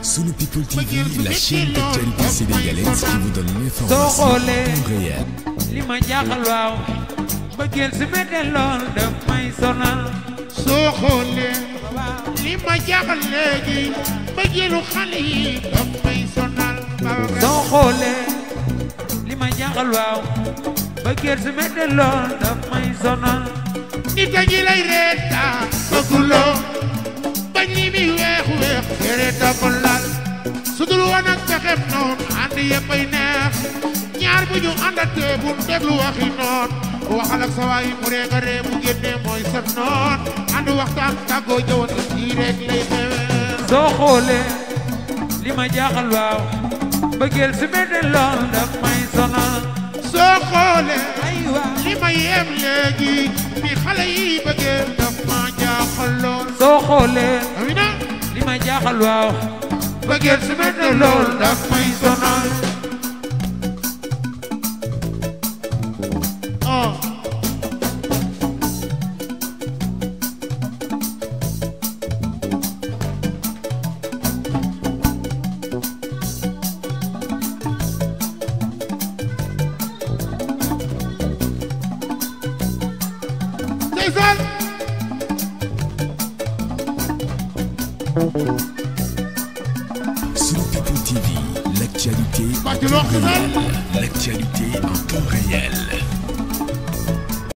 Sunu People TV, la chaîne d'actualité daf may sonal. soo xoolee li ma jaaxal léegi mbëggeelu xale yi daf may sonal. soo xoolee li ma jaaxal waaw mbëggeel su ma delloo daf may sonal. nit a ngi lay reetaan da soo xoolee li ma jaaxal waaw bëggeel si mel ne lool daf may sonal soo xoolee li ma yem léegi bi xale yi bëggeel daf ma jaaxal lool soo xoolee jaaxal waaw bëggeel su mel ne lool daf may sonal Jason oh. Sur People TV, l'actualité en